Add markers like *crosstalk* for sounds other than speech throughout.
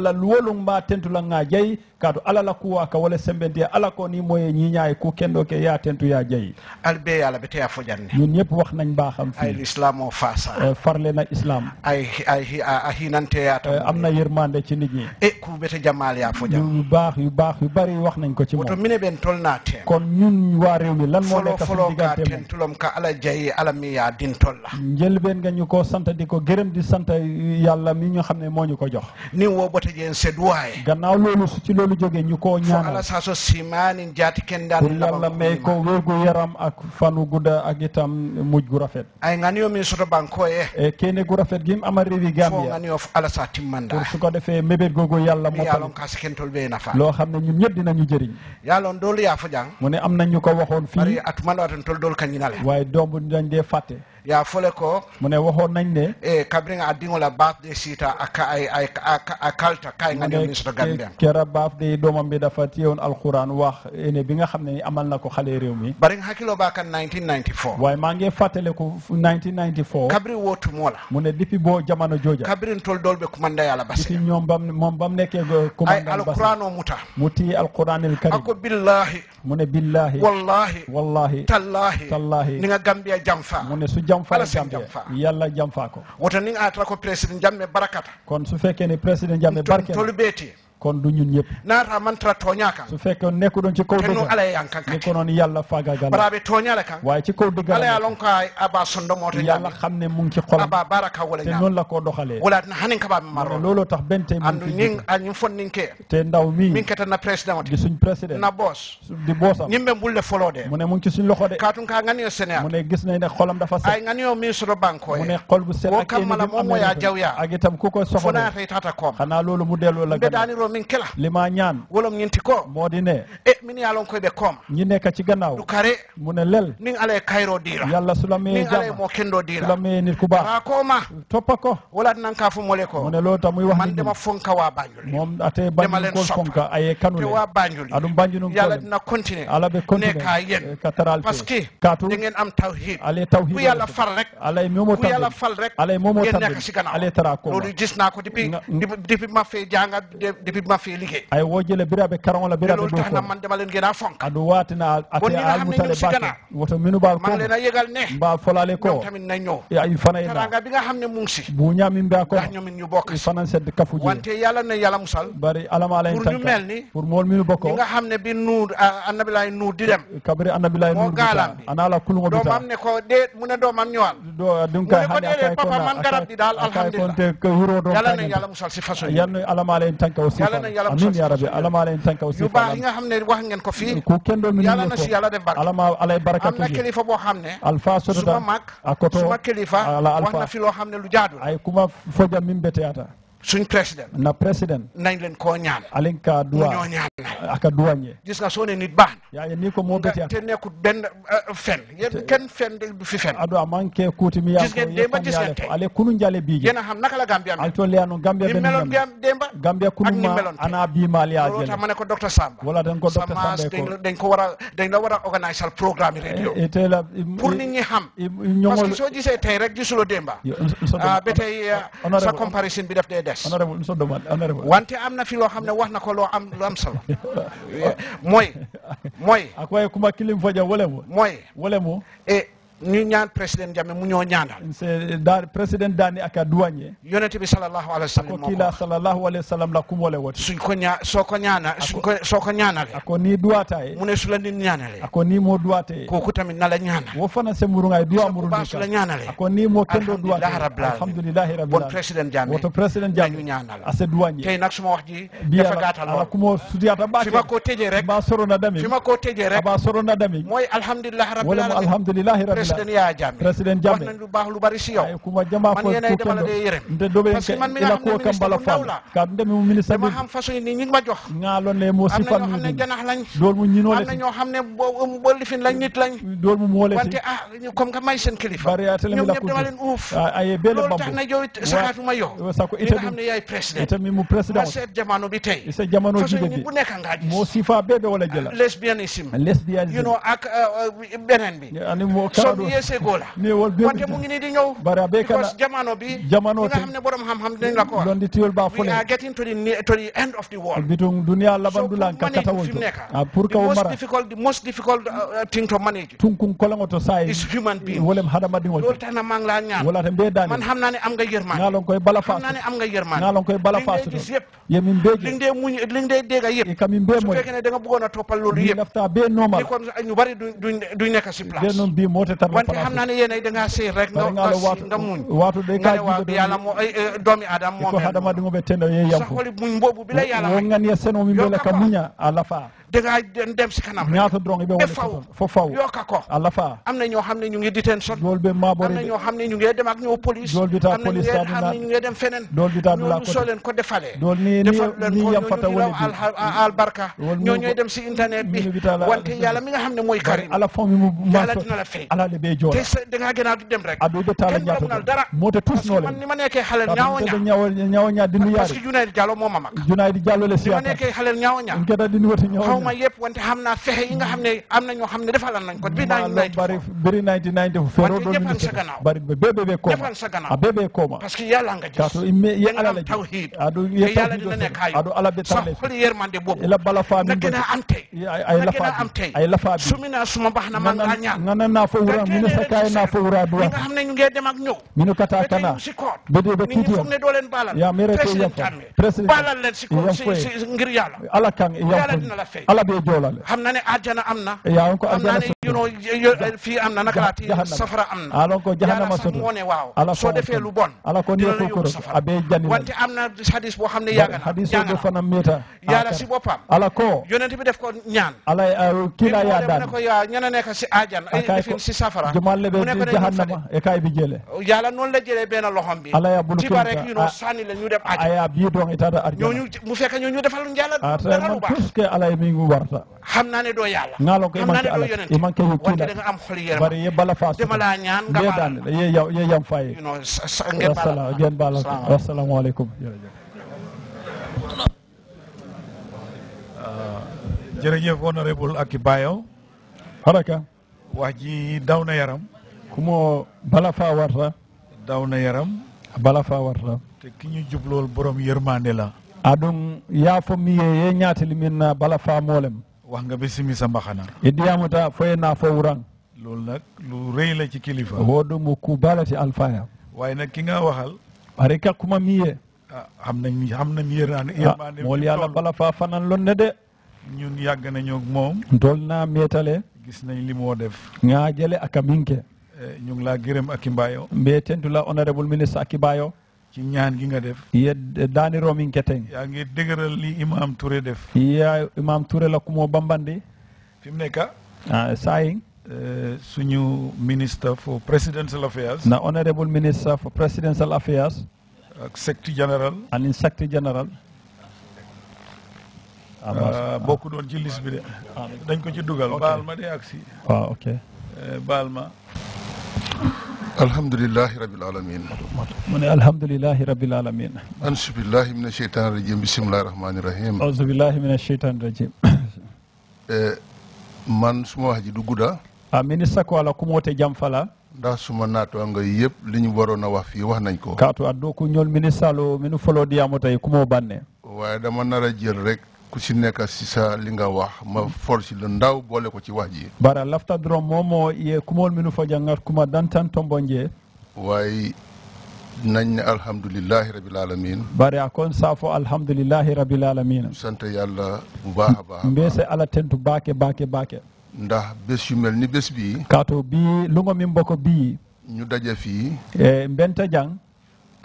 la luwolum ma la nga jayi kato ala la kuwa ka wala sembendiya ala ko ni moye ñiñaayi ku kendo ke ya tentu ya jayi albe be yalla be teya fojanne ñun ñepp wax nañ baaxam fi ay islam o fasa uh, farle na islam ay ay a ya ta uh, eh, amna yermande ci nit ñi e ku bete jamal ya fojan yu baax yu baax yu bari wax nañ ko ci mom mine ben tolna te kon ñun wa rew mi lan mo nekk fa digante lom ka ala jayi ala mi ya din tolla njel ben nga ñuko sante diko gërem di sante yalla mi ñu xamne mo ñu jox ni wo kotejen seduwaye gannaaw loolu su ci loolu jógee ñu koo ñaanal fo ala saa so simanin jaati kendan yàlla may ko wérgu yaram ak fan fanu gudda ak itam mujj gu rafet ay nganiyo min soto banko e kene gu rafet gi ama réewi a fo nganiyo ala saa pour su ko defee mébét googu yàlla mo yàllon ka sikentol be nafa loo xam ne ñun ñëpp dinañu jëriñ yàllon doolu yaa fo jàng mu ne am na ñu ko waxoon fii bari atuma la tan tol dool kañinale waaye doom dañ dee fàtte ya fole ko mune waxoon nañ ne e kabringa adingola birthday sita aka ay ay akalta kay nga ñoom ministre gambia kera birthday doomam bi dafa teewoon alquran wax ene bi xam ne amal ko xale réew mi hakkilo ba kan 1994 waaye maa ngi fàttale ko 1994 kabri wootu moo la mu be commanda yàlla basi depuis ñoom bam moom bam nekkee commanda yàlla basi ay alquran o muta mu tii alquran il karim ako billahi mu ne billahi wallahi wallahi tallahi tallahi ni nga jam fa jamfa jamfa yalla jamfa ko wotani atata ko président jamme barakata kon su fekkee ne président jamme barke tolu beeti kon du ñun ñëpp naata mantara tooñaa kan su fekkee nekku doon ci kaw dëgg no ala yan kan ni ko noon yàlla fagagal baraɓe tooñale kan waaye ci kaw dëgg ala ya lon ko aba sondo mooto yàlla xam ne mu ngi ci xol aba baraka wala te noonu la koo doxalee wala na hanen kaɓaɓe maro looloo tax bente andu nin añum fon nin ke te ndaw mi min na président di suñ président na boos di boosam ñim ɓe mbulle folode mu ne mu ngi ci suñ loxo de kaatun ka ŋaniyo sénéal mu ne gis nañ ne xolam dafa set ay ŋaniyo mi soto banko mu ne xol bu set ak kammala momoya jawya ak itam ku ko soxla fo naata itata koom xanaa loolu mu delloo la gannaaw min kela lima ñaan wolom ñinti ko moodi ne e eh, min ye lon koy ɓe kooma ñi ci gannaaw du kare mu ne lel nin ala ye kayro diira yalla sulame, nin ala ye mo kendo diira sulami nit ku baax aa ko ma toppa ko wala nan ka fu mole ko mu ne muy wax man dema fonka wa banjul mom ate banjul ko fonka aye kanu te wa banjul adum banjul yalla dina continuer ala be continuer ne ka yen eh, ka taral parce que katu ngeen am tawhid ale tawhid ku yalla far rek ale momo tan ku yalla fal rek ale momo tan ale tara ko loolu gis naa ko depuis depuis ma fee janga depuis ma fi liggéey ay wojele biraɓe karola biraɓe lol tax na man dama leen gën a fonk andu watina ate almutale bakke woto minu bal ko leen a yegal ne ba folale ko tamit na ñoo ya ay fana ina nga bi nga xamne mu ngi bu ñami mba ko ndax ñoom ñu bokk fana sedd kafu ji wante yalla na yalla musal bari alama lay tan pour ñu melni pour mol minu bokko nga xamne bi nuur annabi lay nuur di dem kabri annabi lay nuur ana la kulungo do mam ne ko de mu ne do mam ñewal do dunka hande ay papa man garab di dal alhamdullilah yalla na yalla musal si façon yalla alama lay tan ko si yàlla na yàlla amin ya rabbi alama ala en tan kaw si yu baax yi nga xam ko fii ko na si yàlla def barke am na kilifa boo xam ne alfa sodata suma akoto suma kilifa na fi loo xam ne lu jaadu ay kuma foja min beteyata suñ président na président nañ leen koo ñaan alin ka duwa ñoo ñaan aka duwañe gis nga soo nit baax na yaa ko moo betiya te nekkut benn euh, fen kenn fen fi fen ado aman ke kuti mi yaa a xam naka la ma ana bi mal yaa jël ma ne ko docteur Samba wala dañ ko a dañ tey rek gisuloo démba ah, ba tey eh, sa comparison bi daf dee des. wante am na fi loo xam ne wax na ko loo am lu am solo. *laughs* mooy. mooy. akoye kuma kilim faja wolemo. mooy wolemo. e eh, ñu ñaan président Presiden mu ñoo ñaanal président Dani ak duwañe yonent bi sallallahu alayhi wasallam ko kila sallallahu alayhi wasallam la kumole wot suñ ko ñaa soo ko ñaana suñ ko soo ko ñaanal ako ni duwataay mu ne su la nit ñaanale ako ni mo duwate kooku tamit na la ñaanal wo fana se muru ngay duwa muru ba su la ñaanale ako ni mo kendo duwate alhamdulillah rabbil alamin bon président Jammeh woto président Jammeh ñu ñaanal ase duwañe tey nag suma wax ji dafa gaatal lool kumo sudiyata ba fima ko teje rek ba sorona dami fima ko teje rek ba sorona dami moy alhamdulillah rabbil alamin alhamdulillah rabbil Presiden ya jami président jami wax lu bari yow kuma jama ko man yérem nde ke man ko kam bala fam ka ndem mu ministre bi xam façon ni ñi ma jox nga lon le mo si fam ñu janax lañ dool mu ñino le am na ño xamne bo fin lañ nit lañ dool mu mo le ah ka ah, may sen kilifa bari ya tele mi la ko ay bel bambu tax na jow saxatu ma yo sa ko xamne eh, yaay président ita mi mu président sa jamano bi tay jamano bi bu nga mo bebe wala jela ah, Lesbianisme. you know ak eh, eh, benen bi ya, ani mo ka yéesee góor la. ni wol be wante mu ngi nii di ñëw. bari a bee kana jamono bi. jamono te nga xam ne borom xam-xam dinañ la ko wax. londi tiwol baa fole. we are getting to the to the end of the world. bitum dunia labandu lan ka kata wol to. ah pour ka wo mara. the most difficult the most difficult uh, thing to manage. tunkun kolongo to saa yi. is human being. wolem di wol. loolu tax na maa ngi laa ñaan. wala te mbee daani. man xam naa ne am nga yërmaan. ngaa lon koy bala faasu. xam naa ne am nga yërmaan. ngaa lon koy bala faasu. li ngay gis yëpp. ye min bee gis. li ngay muñ li ngay dégg yëpp. i ka min bee mooy. su fekkee ne da nga bëggoon a toppal loolu yëpp. li laftaa bee normal. ni kon ñu bari duñ duñ nekk si place. bee noonu bii moo te wante xam naa ne yéen ay dangaa sëy rek nga nga muñ nga ne waaw yàlla mo eh, eh, doomi adam moom ko hadama dingo be muñ boobu bi la yàlla may ngan ya seno muña a lafa dangaa dem si kanam ñaata dong be faw fo faw yokka ko alla fa am ñoo xam ne ñu ngi detention loolu be ma bari am na ñoo xam ne ñu ngi dem ak ñoo police loolu bita police am na ñu ngi dem feneen loolu bita la ko soo leen ko defalee loolu ni dem si internet bi wante yàlla mi nga xam ne mooy ala fo mi mu yàlla dina la fay ala le be joor te dangaa dem rek adu do taala ñaata dara moo te tous noo leen ni ma nekkee xale waxuma yëpp wante xam naa fexe yi nga xam ne am na ñoo xam ne defal nañ ko bi daañu lay bari bari 99 fero do defal sa gannaaw bari ah, bébé be koma defal sa gannaaw bébé koma parce que yàlla nga jëf yàlla la tawhid adu yàlla dina nekk ay adu ala be tawhid xol yërmande boobu la bala fa mi gëna am tey ay lafa ay lafa bi sumina suma baax na man nga ñaan ngana na fa wura mi sa kay na fa wura du nga xam ne ñu ngi dem ak ñëw mi nu kata kana bébé be kiti ñu ne do leen balal ya mere ko ya fa president balal leen si ko ngir yàlla ala kan ya yàlla dina la fay الله بيجولا لي. خمناني you fi fii am na naka safara am na ala ko jahannama soto soo defee lu bon ala ko ni ko koro na hadis xam ne yaaga na hadis do fana ala ko yonent bi def ko ñaan ala kila ya daan ko ya ñana nekk si ajan ay ah, defin eh, si safara le be jahannama e kay bi benn loxom bi ala ya bulu ko rek you know la ñu def ajan aya bi do itada arjan ñooñu mu fekk ñooñu ñu yàlla ah, dara lu baax ala mi ngi warta xam naa ne doo yàlla ngalon ko imanke ala imanke hukila bari ye bala Fas. su demala ñaan nga daan ye yaw ye yam fay ngeen bala assalamu alaykum honorable akibayo haraka wax ji daw yaram kumo bala fa warta daw yaram bala fa warta te ki ñu borom yermande la adum ya fo mi ye ñaatali min bala fa molem wax nga be simi sa mbaxana idiyamuta foye na fo wuran loolu nag lu rëy la ci kilifa woo doomu ku baala ci alfaya waaye nag ki nga waxal bare ka kuma miye ah, xam nañ xam nañ ah, yërmaande yërmaande mool yàlla bala faa fanan lon ne de ñun yàgg nañu ak moom dool naa meetale gis nañ li moo def ngaa jële ak a minke eh, ñu ngi laa gërëm ak i mbaayo mbee tentu la honorable ministre ak i ci ñaan gi nga def ye daani romin keten yaa ngi dëgëral li imam Touré def ya imam Touré la kumoo bambandi fi mu nekk ah eh, suñu minister for presidential affairs na honorable minister for presidential affairs ak secretary general anin secretary general ah, bokku doon ci liste de ah, dañ ko ci dugal baal ma de aksi ah, eh, baal ma alhamdulillah rabil alamin mu ne alhamdulilahi rabil alamin ansu billahi min asheytan rajim bisimilahi rahmani rahim ausu billahi min asheytan rajim eh, man suma wax ji du gudda a ah, minista ko ala kumote jam fala nda suma naatoanga yëpp li ñu waroon a wax fii wax nañ ko kaatu addo ko ñool minista lo minu folodiyamo tay kumo banne waaye dama nar a rek ku si nekk si sa li nga wax ma mm-hmm. force lu ndaw boole ko ci wax ji bara lafta doron momo ye kumol minu fa jangat a kon saafo alhamdulilahi rabil alamin sant yu mel ni bés bii min mbokk bii ñu daje fii e mbenta jang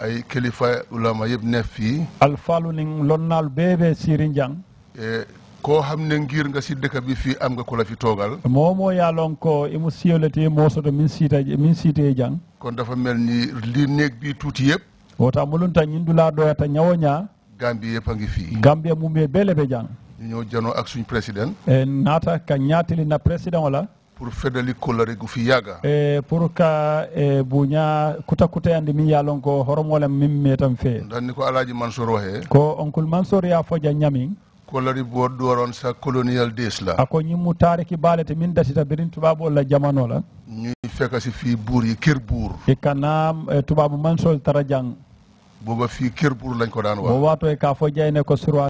ay kilifa ulama yëpp ne fii alfaalu nin lonnaal beebe siirin jang Eh, koo xam ne ngir nga si dëkk bi fii am nga ko la fi toogal moo moo yaalon ko imu siyolete moo soto min siita min siitee jang kon dafa mel ni li bii tuuti yëpp wota mulunta ñindulaa doyata ñawo ñaa Gambie yëpp a ngi fii Gambie mu mbee bele be jang ñu janoo ak suñ président e, naata ka ñaatili na président wala pour feddali kóllare gu fi yàgga e, pour ka e, bu ñaa kuta kuta a min yaalon ko horom wala min meetam fee ndax ni ko alaaji Mansour waxee kolori bo doron sa colonial days la ako ñimmu tariki balete min dasita birin tubabu la jamano la ñuy fekk si fii buur yi kër buur e kana tubabu man sol tara jang booba fii kër buur lañ ko daan wax bo waato e fo jayne ko surwa